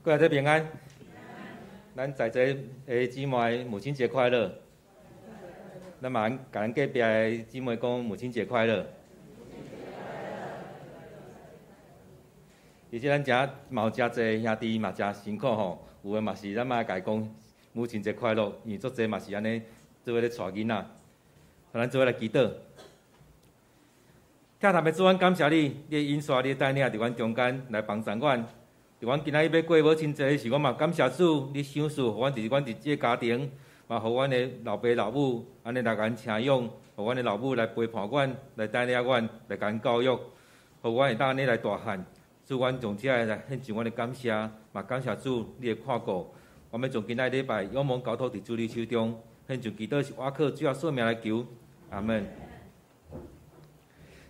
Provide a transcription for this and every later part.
各位仔平安，咱在遮誒姊妹母親節快樂，咱媽甲咱隔壁姊妹講母親節快樂。快而且咱遮有真儕兄弟嘛真辛苦吼，有的嘛是咱媽家己講母親節快樂，有做者嘛是安尼做位咧帶囡仔，咱做位來祈禱。家庭誒，組長感謝你，你引導你帶領啊佇阮中間來幫上阮。阮今仔日要過母親節的，是阮嘛感謝主，你想賜阮，就是阮佇即個家庭，嘛互阮的老爸老母安尼來共請養，互阮的老母來陪伴阮，來帶領阮來甲阮教育，互阮會當安尼來大漢。主，阮從即隻來獻上阮的感謝，嘛感謝主，你的看顧，我們從今仔日禮拜，仰望高頭佇主你手中，獻上祈禱，是我靠主啊聖名來求，阿門。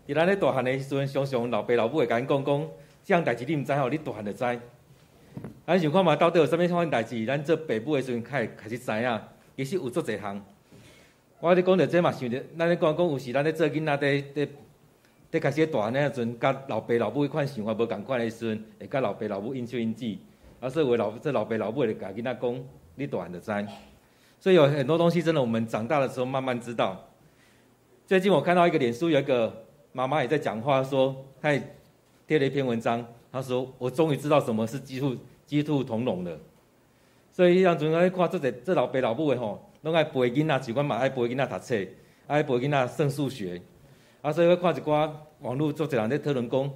佇咱咧大漢的時陣，想想老爸老母會甲阮講講。這樣代誌你唔知吼，你大漢就知。咱、啊、想看嘛，到底有甚物款代誌？咱做父母的時陣，開開始知影，其實有遮濟項。我咧講到這嘛，想着咱咧講講，有時咱咧做囡仔的的，的開始大漢的時陣，甲老爸老母迄款想法無共款的時陣，會甲老爸老母應酬應啊，而是為老即老爸老母會甲囡仔講，你大漢著知。所以有很多東西，真的我們長大的時候慢慢知道。最近我看到一個臉書，有一個媽媽也在講話說，嗨。貼了一篇文章，他說：“我終於知道什麼是雞兔雞兔同籠了。”所以伊攏總在看這這老爸老母的吼，攏愛背囡仔，一般嘛愛背囡仔讀冊，愛背囡仔算數學。啊，所以我看一寡網絡作者人在討論講，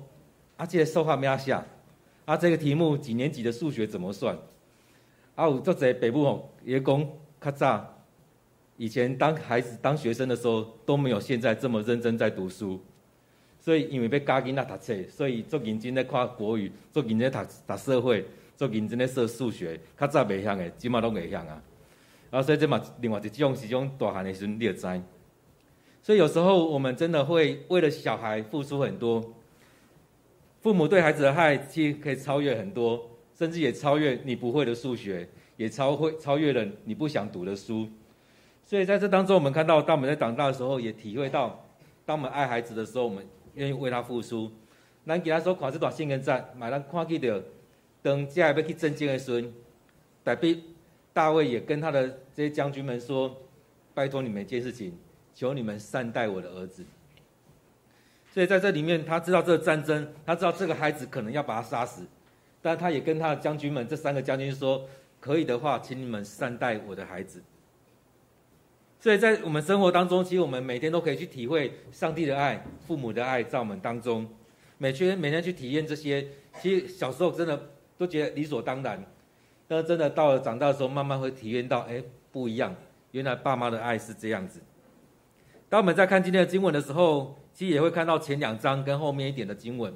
啊，這個數學名下，啊，這個題目幾年級的數學怎麼算？啊，有作者爸母吼也講較早，以前當孩子當學生的時候都沒有現在這麼認真在讀書。所以，因為要教囡仔讀冊，所以做認真咧看國語，做認真咧讀讀社會，做認真咧做數學。較早袂曉的，即馬攏會曉啊！啊，所以這馬另外一種是一種大漢的時陣你就知。所以有時候我們真的會為了小孩付出很多，父母對孩子的愛其實可以超越很多，甚至也超越你不會的數學，也超會超越了你不想讀的書。所以在這當中，我們看到當我們在長大的時候，也體會到，當我們愛孩子的時候，我們。願意為他付出。南給他說，看這短信跟戰，買了看記的等下一要去征戰的時，大衛大衛也跟他的這些將軍們說：“拜託你們一件事情，求你們善待我的兒子。”所以在這裡面，他知道這個戰爭，他知道這個孩子可能要把他殺死，但他也跟他的將軍們這三個將軍說：“可以的話，請你們善待我的孩子。”所以在我們生活當中，其實我們每天都可以去體會上帝的愛、父母的愛，在我們當中，每天每天去體驗這些。其實小時候真的都覺得理所當然，但是真的到了長大的時候，慢慢會體驗到，哎，不一樣，原來爸媽的愛是這樣子。當我們在看今天的經文的時候，其實也會看到前兩章跟後面一點的經文，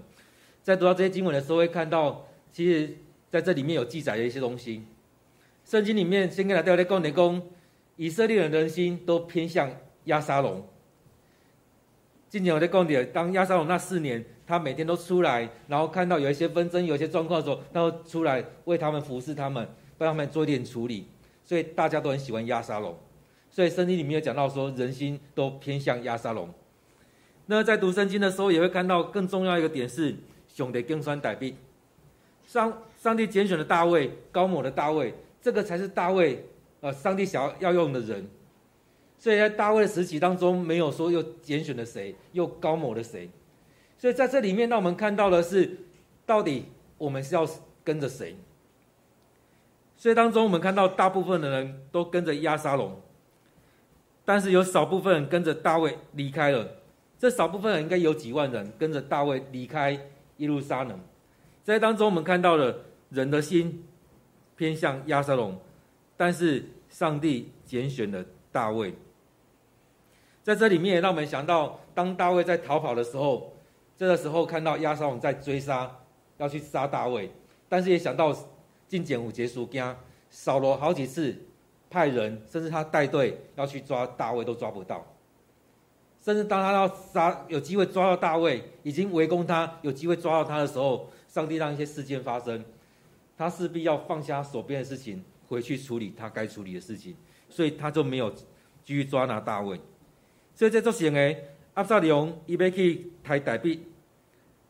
在讀到這些經文的時候，會看到其實在這裡面有記載的一些東西。聖經裡面先跟大家再講點工。以色列人的人心都偏向亞沙龍。今年我在講點，當亞沙龍那四年，他每天都出來，然後看到有一些紛爭、有一些狀況的時候，他都出來為他們服侍他們，幫他們做一點點處理，所以大家都很喜歡亞沙龍。所以聖經裡面有講到說，人心都偏向亞沙龍。那在讀聖經的時候，也會看到更重要一個點是，熊的尖酸歹毒。上上帝揀選的大衛，高某的大衛，這個才是大衛。呃，上帝想要要用的人，所以在大衛的時期當中，沒有說又揀選了誰，又高某了誰，所以在這裡面呢，讓我們看到的是，到底我們是要跟着誰？所以當中我們看到，大部分的人都跟着押沙龍，但是有少部分人跟着大衛離開了，這少部分人應該有幾萬人跟着大衛離開耶路撒冷，在當中我們看到了人的心偏向押沙龍，但是。上帝揀選了大衛，在這裡面也讓我們想到，當大衛在逃跑的時候，這個時候看到押沙龍在追殺，要去殺大衛，但是也想到進檢五節書經，掃羅好幾次派人，甚至他帶隊要去抓大衛，都抓不到，甚至當他要殺有機會抓到大衛，已經圍攻他有機會抓到他的時候，上帝讓一些事件發生，他勢必要放下手邊的事情。回去處理他該處理的事情，所以他就沒有繼續抓拿大衛。所以這就行誒，押沙龍伊要去抬大筆，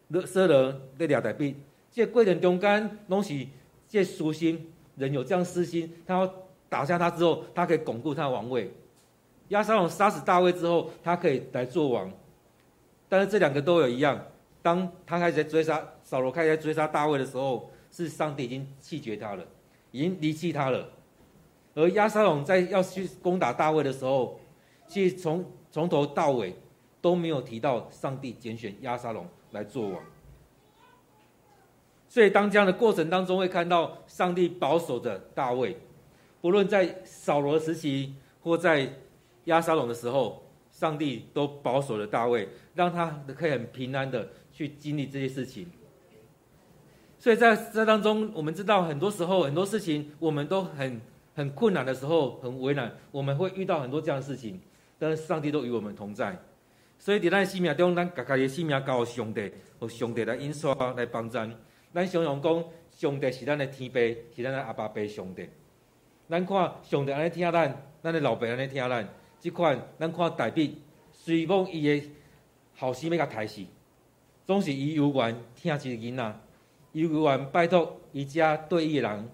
勒瑟人在倆大筆。這個、過程中間，攏是這蘇心人有這樣私心，他要打下他之後，他可以鞏固他的王位。押沙龍殺死大衛之後，他可以來做王。但是這兩個都有一樣，當他開始在追殺掃羅，開始在追殺大衛的時候，是上帝已經棄絕他了。已經離棄他了，而押沙龍在要去攻打大衛的時候，其實從從頭到尾都沒有提到上帝揀選押沙龍來做王。所以當這樣的過程當中，會看到上帝保守着大衛，不論在掃羅時期或在押沙龍的時候，上帝都保守着大衛，讓他可以很平安的去經歷這些事情。所以在這當中，我們知道很多時候很多事情，我們都很很困難的時候，很為難，我們會遇到很多這樣的事情，但是上帝都與我們同在。所以，在咱的性命中，咱家家的性命交給上帝，由上帝來引刷來幫助。咱常常講，上帝是咱的天父，是咱的阿爸爸上帝。咱看上帝安尼疼咱，咱的老爸安尼疼咱。這款，咱看大衛，雖然伊的後生要共伊刣死，總是伊有緣疼這個囡仔。伊如果拜托一家對一郎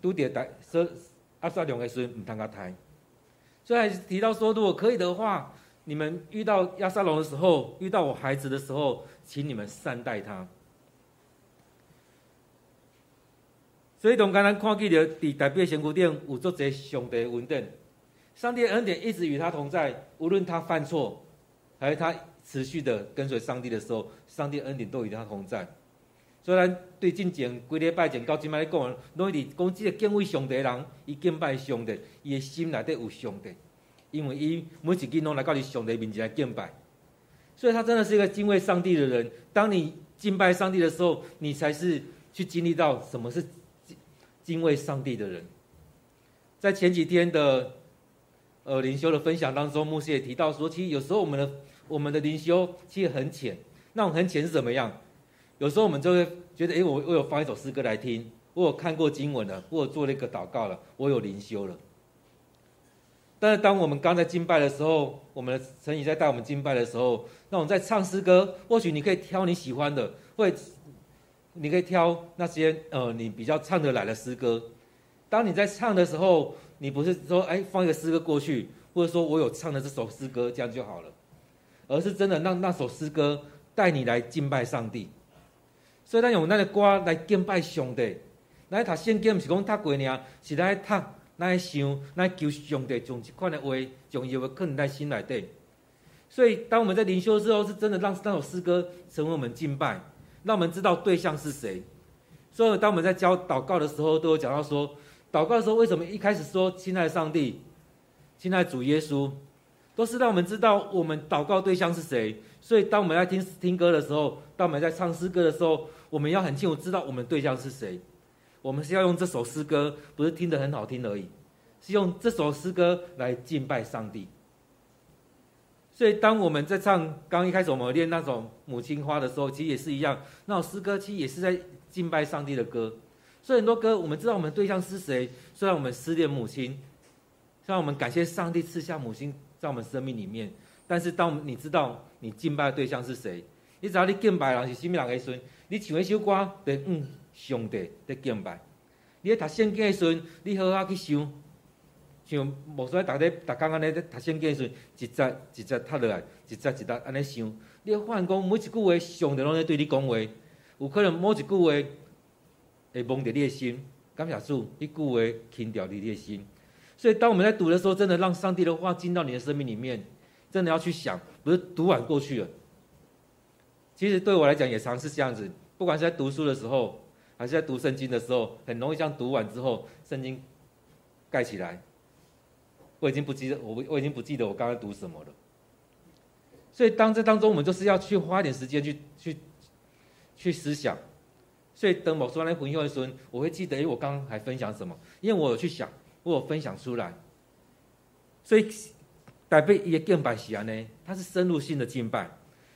都拄着說押沙龍的孫唔通甲刣，所以還是提到說，如果可以的話，你們遇到押沙龍的時候，遇到我孩子的時候，請你們善待他。所以，從剛才看見了，在代表神谷頂有足多上帝恩典，上帝的恩典一直與他同在，無論他犯錯，還是他持續的跟隨上帝的時候，上帝恩典都與他同在。雖然對敬虔，規禮拜前到今賣咧講，攏是講這個敬畏上帝的人，伊敬拜上帝，伊的心內底有上帝，因為伊每一只人都來靠你上帝名字來敬拜。所以，他真的是一個敬畏上帝的人。當你敬拜上帝的時候，你才是去經歷到什麼是敬畏上帝的人。在前幾天的呃靈修的分享當中，牧師也提到說，其實有時候我們的我們的靈修其實很淺，那種很淺是怎麼樣？有時候我們就會覺得，哎、欸，我我有放一首詩歌來聽，我有看過經文了，我有做那個禱告了，我有靈修了。但是當我們剛才敬拜的時候，我們的神怡在帶我們敬拜的時候，那我們在唱詩歌，或許你可以挑你喜歡的，或你可以挑那些呃你比較唱得來的詩歌。當你在唱的時候，你不是說，哎、欸，放一個詩歌過去，或者說我有唱的這首詩歌這樣就好了，而是真的讓那，那首詩歌帶你來敬拜上帝。所以，咱用咱的歌來敬拜上帝。咱去讀聖經是講讀過爾，是咱去讀、咱去想、咱求上帝從這款的話，的的在的心來的。所以，當我們在靈修時候，是真的讓那首詩歌成為我們敬拜，讓我們知道對象是誰。所以，當我們在教禱告的時候，都有講到說，禱告的時候為什麼一開始說親愛的上帝、親愛的主耶穌，都是讓我們知道我們禱告對象是誰。所以，當我們在聽聽歌的時候，當我們在唱詩歌的時候，我們要很清楚知道我們的對象是誰？我們是要用這首詩歌，不是聽得很好聽而已，是用這首詩歌來敬拜上帝。所以當我們在唱剛一開始我們練那首《母親花》的時候，其實也是一樣，那首詩歌其實也是在敬拜上帝的歌。所以很多歌，我們知道我們的對象是誰，雖然我們思念母親，雖然我們感謝上帝賜下母親在我們生命裡面，但是當你知道你敬拜的對象是誰。你知影，你敬拜的人是什麼人？誒，時陣你唱迄首歌在嗯，上帝在敬拜。你誒，讀聖經誒，時陣，你好好去想，像無衰，逐工逐工安尼咧讀聖經誒，時陣，一節一節讀落來，一節一節安尼想。你誒，發現講每一句話，上帝攏咧對你講話。有可能某一句話會蒙着你誒心，感謝主，一句話輕掉你誒心。所以當我們在讀的時候，真的讓上帝的話進到你的生命裡面，真的要去想，不是讀完過去了。其實對我來講也常是這樣子，不管是在讀書的時候，還是在讀聖經的時候，很容易像讀完之後聖經蓋起來。我已經不記得我我已經不記得我剛剛讀什麼了。所以當這當中，我們就是要去花點時間去去去思想。所以等我說完那部分以後，我會記得，哎，我剛剛還分享什麼？因為我有去想，我有分享出來。所以台北一個敬拜是安呢，它是深入性的敬拜。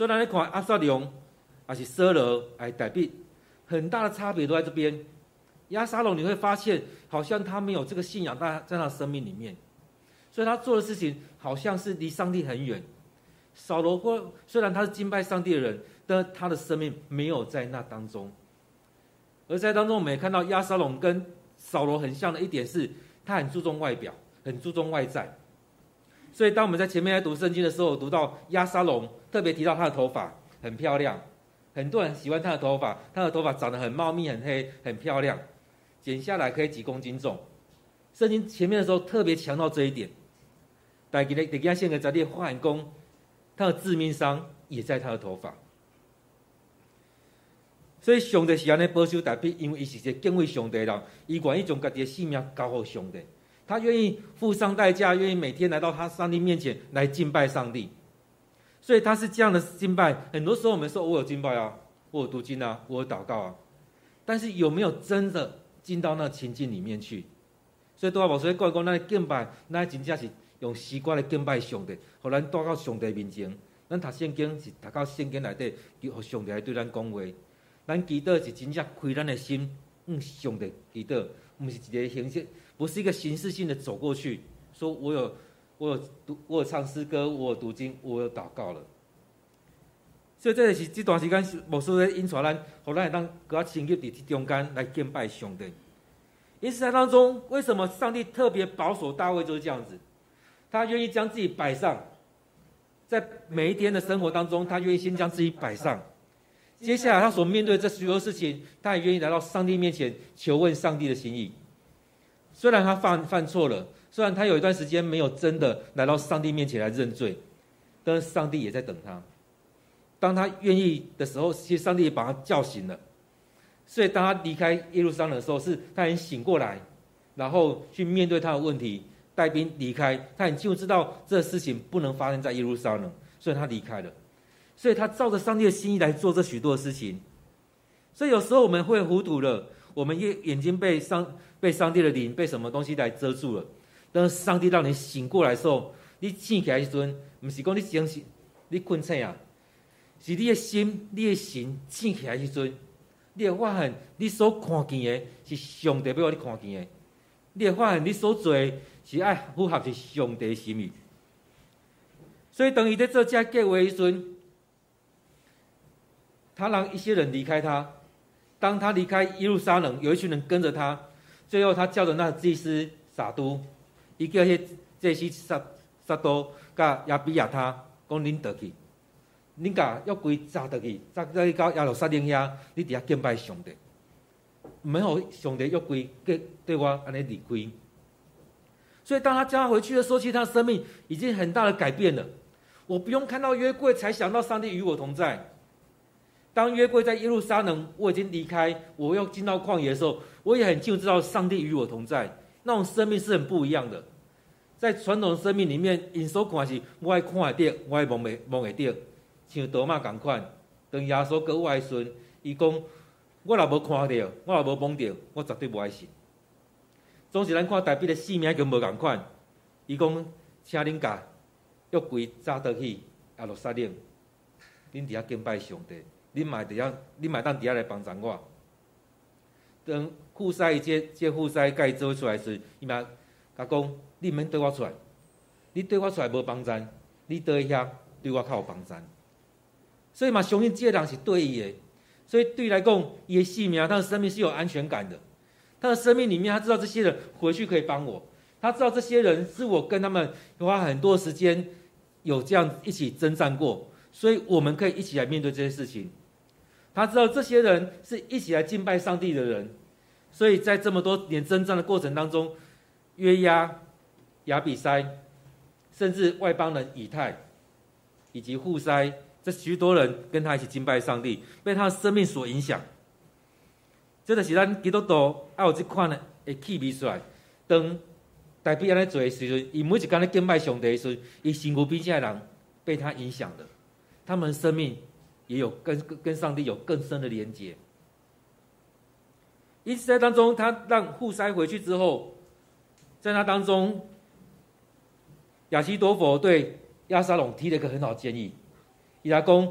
雖然你看押沙龍還是掃羅還是對比，很大的差別都在這邊。押沙龍你會發現，好像他沒有這個信仰在在他的生命裡面，所以他做的事情好像是離上帝很遠。掃羅哥雖然他是敬拜上帝的人，但他的生命沒有在那當中。而在當中，我們也看到押沙龍跟掃羅很像的一點是，他很注重外表，很注重外在。所以當我們在前面來讀聖經的時候，讀到押沙龍。特別提到他的頭髮很漂亮，很多人喜歡他的頭髮。他的頭髮長得很茂密、很黑、很漂亮，剪下來可以幾公斤重。聖經前面的時候特別強調這一點。但是的給亞在給在的化工，他的致命傷也在他的頭髮。所以上帝是歡的保守大衛，因為伊是一個敬畏上帝的人，伊願意將自己的性命交付上帝，他願意付上代價，願意每天來到他上帝面前來敬拜上帝。所以他是這樣的敬拜，很多時候我們說，我有敬拜啊，我有讀經啊，我有禱告啊，但是有沒有真的進到那個情境裡面去？所以對我無所以講，講咱敬拜，咱真正是用時光來敬拜上帝，讓咱帶到，到上帝面前。咱讀聖經是讀到聖經內就和上帝來對咱講話。咱祈禱是真正開咱的心，向、嗯、上帝祈禱，不是一個形式，不是一個形式性的走過去，說我有。我有讀，我有唱詩歌，我有讀經，我有禱告了。所以這、就是，這是這段時間是，時候在引導咱，後來讓哥請情願在中間來敬拜兄弟。因此他當中，為什麼上帝特別保守大衛？就是這樣子，他願意將自己擺上，在每一天的生活當中，他願意先將自己擺上。接下來，他所面對這許多事情，他也願意來到上帝面前求問上帝的心意。雖然他犯犯錯了。雖然他有一段時間沒有真的來到上帝面前來認罪，但是上帝也在等他。當他願意的時候，其實上帝也把他叫醒了。所以當他離開耶路撒冷的時候，是他已經醒過來，然後去面對他的問題，帶兵離開。他很清楚知道這事情不能發生在耶路撒冷，所以他離開了。所以他照着上帝的心意來做這許多的事情。所以有時候我們會糊塗了，我們眼眼睛被上被上帝的靈被什麼東西來遮住了。當上帝讓你醒過來的時候，你醒起來的時候，陣不是講你精神，你困醒啊，是你的心，你的心醒起來的時候，陣你會發現你所看見的是上帝要你看見的，你會發現你所做的是愛符合是上帝的心意。所以，當他在做這個為時候，他讓一些人離開他。當他離開耶路撒冷，有一群人跟着他。最後，他叫着那祭司撒督。伊叫迄薩薩多、甲亞比亞他講倒去，甲約櫃倒去，去到耶路撒冷遐，你敬拜上帝。沒有上帝約櫃對我安尼離開。所以當他叫他回去的時候，其實他生命已經很大的改變了。我不用看到約櫃才想到上帝與我同在。當約櫃在耶路撒冷，我已經離開，我要進到曠野的時候，我也很清楚知道上帝與我同在。那種生命是很不一樣的。在傳統生命裡面，因所看的是，我愛看得到，我愛摸會摸會到，像多馬共款。當耶穌閣活的時陣，伊講，我若無看到，我若無摸到，我絕對無愛信。總是咱看大衛的性命跟無共款。伊講，請恁共約櫃載倒去，耶路撒冷，恁佇遐敬拜上帝，恁嘛佇遐，恁嘛當佇遐來幫助我。當庫塞一節，節庫塞蓋州出來的時，伊嘛。阿公，你免對我出來。你對我出來無幫戰，你待一下對我較有幫戰。所以嘛，雄性這些人是對伊的。所以對來講，也細明他的生命是有安全感的。他的生命裡面，他知道這些人回去可以幫我。他知道這些人是我跟他們花很多時間有這樣一起征戰過，所以我們可以一起來面對這些事情。他知道這些人是一起來敬拜上帝的人，所以在這麼多年征戰的過程當中。約押、亞比篩，甚至外邦人以太，以及戶篩，這許多人跟他一起敬拜上帝，被他的生命所影響。這就是咱基督徒要有這款的氣味出來。當大衛按呢做的時候，伊每一間咧敬拜上帝的時候，伊身軀邊的人被他影響的，他們生命也有跟跟上帝有更深的連接。因此，在當中，他讓戶篩回去之後，在那當中，亞希多弗對押沙龍提了一個很好建議，伊拉講：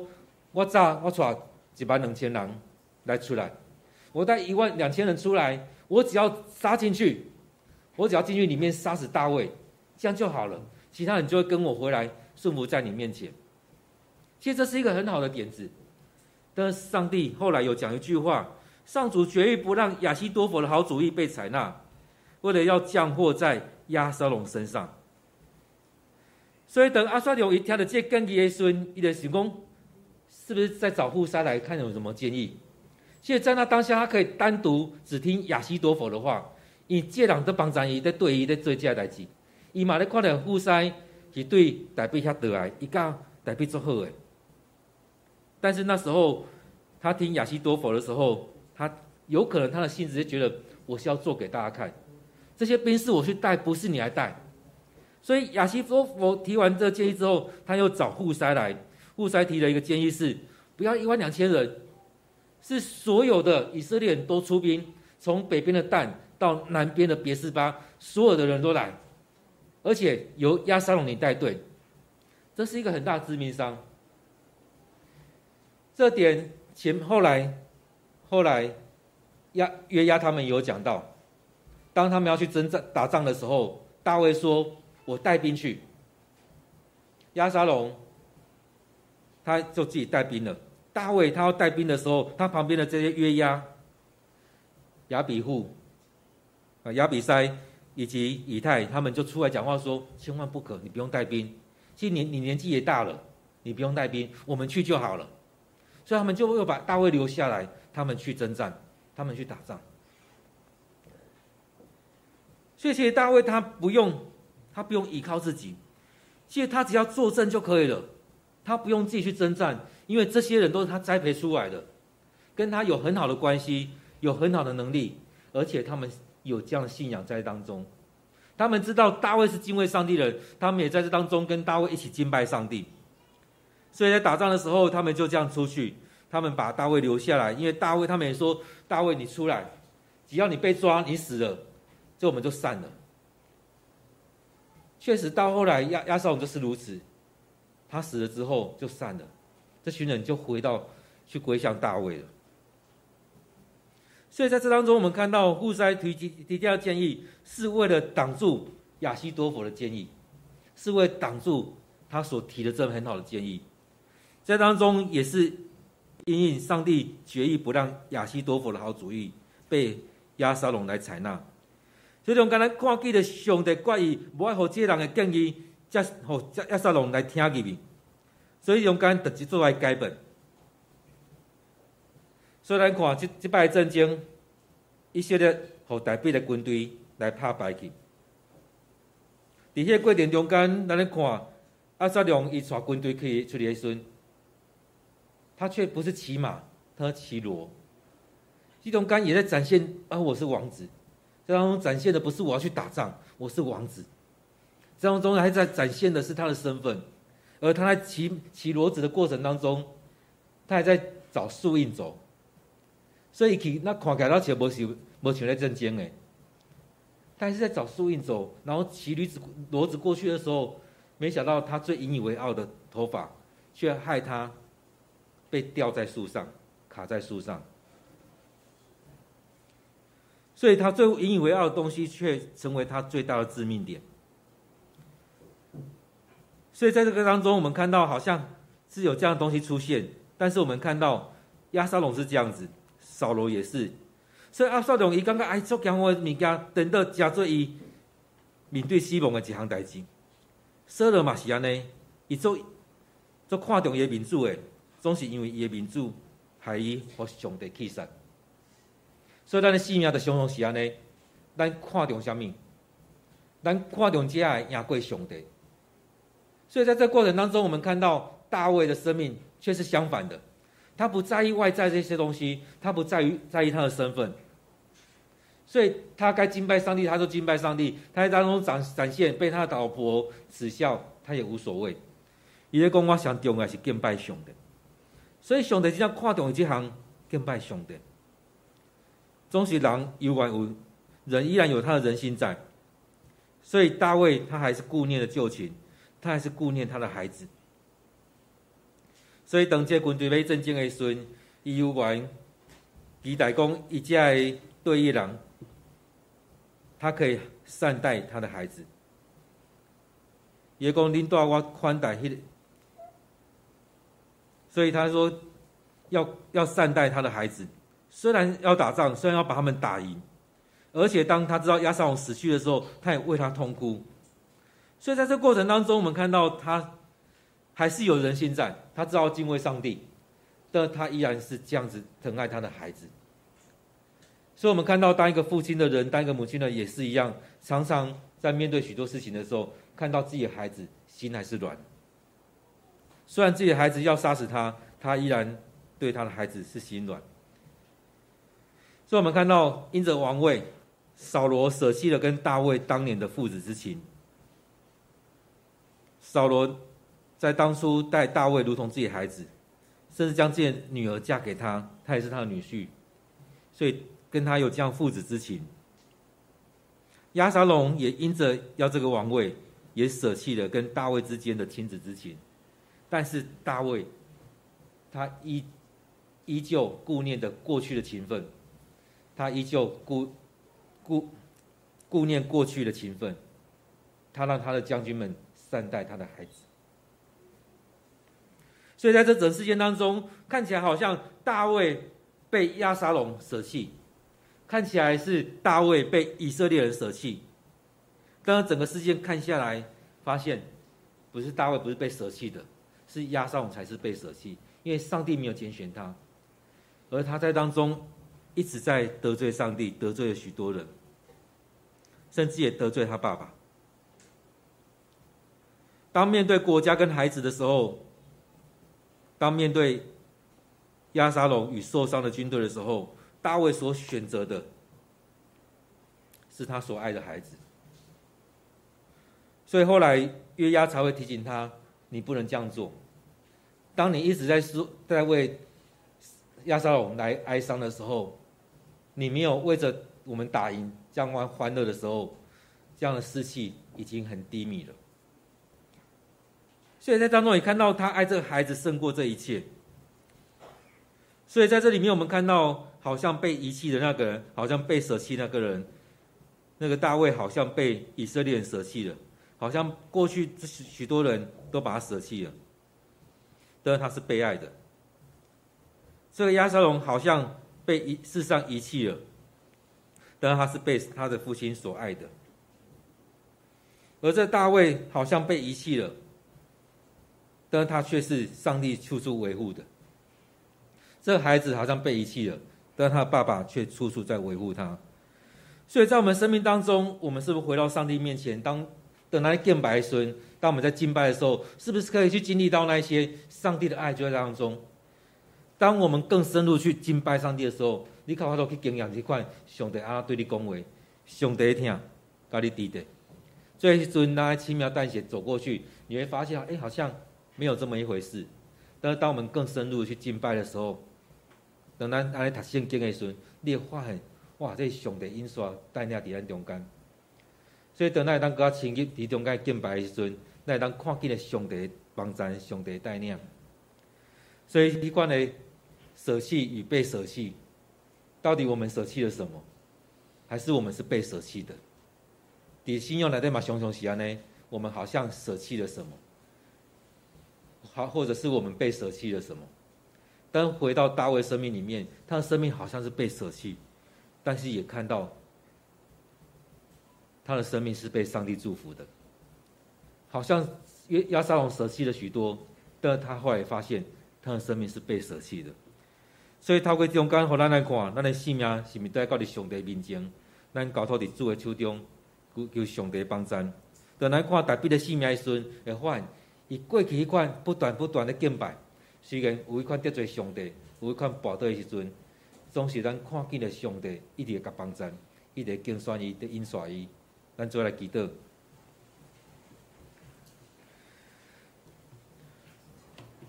我炸，我抓一萬兩千人來出來，我帶一萬兩千人出來，我只要殺進去，我只要進去裡面殺死大衛，這樣就好了，其他人就會跟我回來，順服在你面前。其實這是一個很好的點子，但上帝後來有講一句話：上主決意不讓亞希多弗的好主意被採納。為了要降禍在押沙龍身上，所以等押沙龍一聽到這根基的孫，伊就想講，是不是在找戶篩來看有什麼建議？現在在那當下，他可以單獨只聽亞希多弗的話，以戒長的幫長在對伊在做這代志。伊馬來看到戶篩是對大衛遐得來，伊教大衛做好的。但是那時候他聽亞希多弗的時候，他有可能他的心直是覺得我是要做給大家看。這些兵是我去帶，不是你來帶。所以亞西夫我提完這個建議之後，他又找戶塞來，戶塞提了一個建議是：不要一萬兩千人，是所有的以色列人都出兵，從北邊的旦到南邊的別斯巴，所有的人都來，而且由亞沙隆尼帶隊，這是一個很大的致命傷。這點前後來後來亞約亞他們也有講到。當他們要去征戰打仗的時候，大衛說：“我帶兵去。”押沙龍，他就自己帶兵了。大衛他要帶兵的時候，他旁邊的這些約押、亞比戶、啊亞比篩以及以太，他們就出來講話說：“千萬不可，你不用帶兵，今年你，你年紀也大了，你不用帶兵，我們去就好了。”所以他們就又把大衛留下來，他們去征戰，他們去打仗。所以，其實大衛他不用，他不用依靠自己。其實他只要坐鎮就可以了，他不用繼續征戰，因為這些人都是他栽培出來的，跟他有很好的關係，有很好的能力，而且他們有這樣的信仰在當中。他們知道大衛是敬畏上帝的，他們也在這當中跟大衛一起敬拜上帝。所以在打仗的時候，他們就這樣出去，他們把大衛留下來，因為大衛，他們也說：“大衛，你出來，只要你被抓，你死了。”就我們就散了，確實到後來押押沙龍就是如此，他死了之後就散了，這群人就回到去歸向大衛了。所以在這當中，我們看到戶篩提提提的建議，是為了擋住亞希多弗的建議，是為了擋住他所提的這麼很好的建議，在當中也是因為上帝決意不讓亞希多弗的好主意被押沙龍來採納。所以中間，看見的上帝關於無愛，予即個人的建議，才讓押沙龍來聽入去。所以中間特地做來解密。所以咱看即即擺戰爭，以色列讓代表的軍隊來打敗去。迄個過程中間，咱來看押沙龍伊帶軍隊去伊出的時陣，他卻不是騎馬，他騎騾。所以中間也在展現啊，我是王子。當中展現的不是我要去打仗，我是王子。這當中還在展現的是他的身份，而他在騎騎騾子的過程當中，他還在找樹蔭走。所以，那看起來倒其實不像不像在戰間誒。他還是在找樹蔭走。然後騎驢子騾子過去的時候，沒想到他最引以為傲的頭髮，卻害他被吊在樹上，卡在樹上。所以他最引以為傲的東西，卻成為他最大的致命點。所以在這個當中，我們看到好像是有這樣的東西出現，但是我們看到押沙龍是這樣子，掃羅也是。所以押沙龍伊剛剛哎，做講我物件等到加做伊面對死亡的一項代志，掃羅嘛是安尼，伊做就看重伊嘅民族的，總是因為伊嘅民族，害伊被上帝棄殺。所以，咱的生命就常常是安尼，咱看重什麼？咱看重只也仰貴上帝。所以，在這過程當中，我們看到大衛的生命卻是相反的，他不在意外在這些東西，他不在於在意他的身份。所以他該敬拜上帝，他就敬拜上帝；他在當中展展現被他的老婆恥笑，他也無所謂。一些公公想敬拜上帝，所以上帝只在看重這行敬拜上帝。總是人，猶原有，人依然有他的人性在，所以大衛他還是顧念的舊情，他還是顧念他的孩子，所以當這軍隊要陣前的時，伊猶原期待講一只的對一人，他可以善待他的孩子，也講領大我寬待、那個，所以他說要要善待他的孩子。雖然要打仗，雖然要把他們打贏，而且當他知道押沙龍死去的時候，他也為他痛哭。所以在這過程當中，我們看到他還是有人性在，他知道敬畏上帝，但他依然是這樣子疼愛他的孩子。所以，我們看到當一個父親的人，當一個母親的人也是一樣，常常在面對許多事情的時候，看到自己的孩子，心還是軟。雖然自己的孩子要殺死他，他依然對他的孩子是心軟。所以我們看到，因着王位，掃羅捨棄了跟大衛當年的父子之情。掃羅在當初待大衛如同自己孩子，甚至將自己的女兒嫁給他，他也是他的女婿，所以跟他有這樣父子之情。押沙龍也因着要這個王位，也捨棄了跟大衛之間的親子之情。但是大衛，他依依舊顧念的過去的情分。他依舊顧顧顧念過去的情分，他讓他的將軍們善待他的孩子。所以在這整個事件當中，看起來好像大衛被押沙龍捨棄，看起來是大衛被以色列人捨棄。但是整個事件看下來，發現不是大衛不是被捨棄的，是押沙龍才是被捨棄，因為上帝沒有揀選他，而他在當中。一直在得罪上帝，得罪了許多人，甚至也得罪他爸爸。當面對國家跟孩子的時候，當面對押沙龍與受傷的軍隊的時候，大衛所選擇的是他所愛的孩子。所以後來約押才會提醒他：“你不能這樣做。”當你一直在說，在為押沙龍來哀傷的時候。你沒有為着我們打贏這樣玩歡樂的時候，這樣的士氣已經很低迷了。所以在當中你看到他愛這個孩子勝過這一切，所以在這裡面我們看到，好像被遺棄的那個人，好像被捨棄那個人，那個大衛好像被以色列人捨棄了，好像過去許許多人都把他捨棄了，但是他是被愛的。這個押沙龍好像。被世上遺棄了，但是他是被他的父親所愛的。而這大衛好像被遺棄了，但是他卻是上帝處處維護的。這孩子好像被遺棄了，但是他的爸爸卻處處在維護他。所以在我們生命當中，我們是不是回到上帝面前，當等的敬拜神，當我們在敬拜的時候，是不是可以去經歷到那些上帝的愛就在當中？當我們更深入去敬拜上帝的時候，你可好多去敬仰這款上帝阿對你講話，上帝聽，教你記得。所以迄陣咱誒輕描淡寫走過去，你會發現，哎、欸，好像沒有這麼一回事。但是當我們更深入去敬拜的時候，當咱安尼讀聖經的時陣，你會發現，哇，這是上帝印刷帶領佇咱中間。所以當咱當較深入佇中間敬拜的時陣，咱會當看見了上帝幫助，上帝帶領。所以，迄款誒。捨棄與被捨棄，到底我們捨棄了什麼，還是我們是被捨棄的？底薪用來對碼熊熊喜愛呢？我們好像捨棄了什麼，或或者是我們被捨棄了什麼？當回到大衛生命裡面，他的生命好像是被捨棄，但是也看到他的生命是被上帝祝福的。好像押沙龍捨棄了許多，但他後來發現他的生命是被捨棄的。所以透過中間，互咱來看，咱的性命是毋是在靠佇上帝面前？咱交托佇主的手中，求上帝幫助。轉來看在彼的性命的時陣，會發現，伊過去迄款不斷不斷的敬拜，雖然有一款得罪的上帝，有一款跋倒的時陣，總是咱看見了上帝一直甲幫助，一直敬順伊，一直因順伊，咱做伙來祈禱。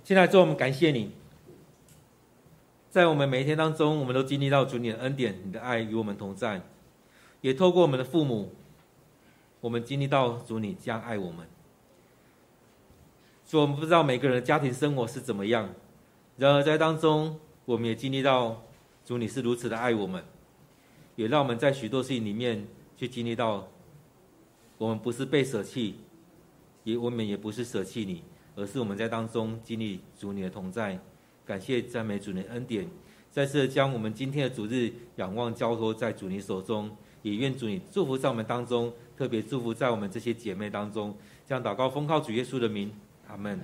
現在做我們感謝你。在我們每一天當中，我們都經歷到主你的恩典、你的愛與我們同在，也透過我們的父母，我們經歷到主你將愛我們。所以我們不知道每個人的家庭生活是怎麼樣，然而在當中，我們也經歷到主你是如此的愛我們，也讓我們在許多事情裡面去經歷到，我們不是被捨棄，也我們也不是捨棄你，而是我們在當中經歷主你的同在。感謝讚美主，你恩典。再次將我們今天的主日仰望交托在主你手中，也願主你祝福在我們當中，特別祝福在我們這些姐妹當中。將禱告奉靠主耶穌的名，阿門。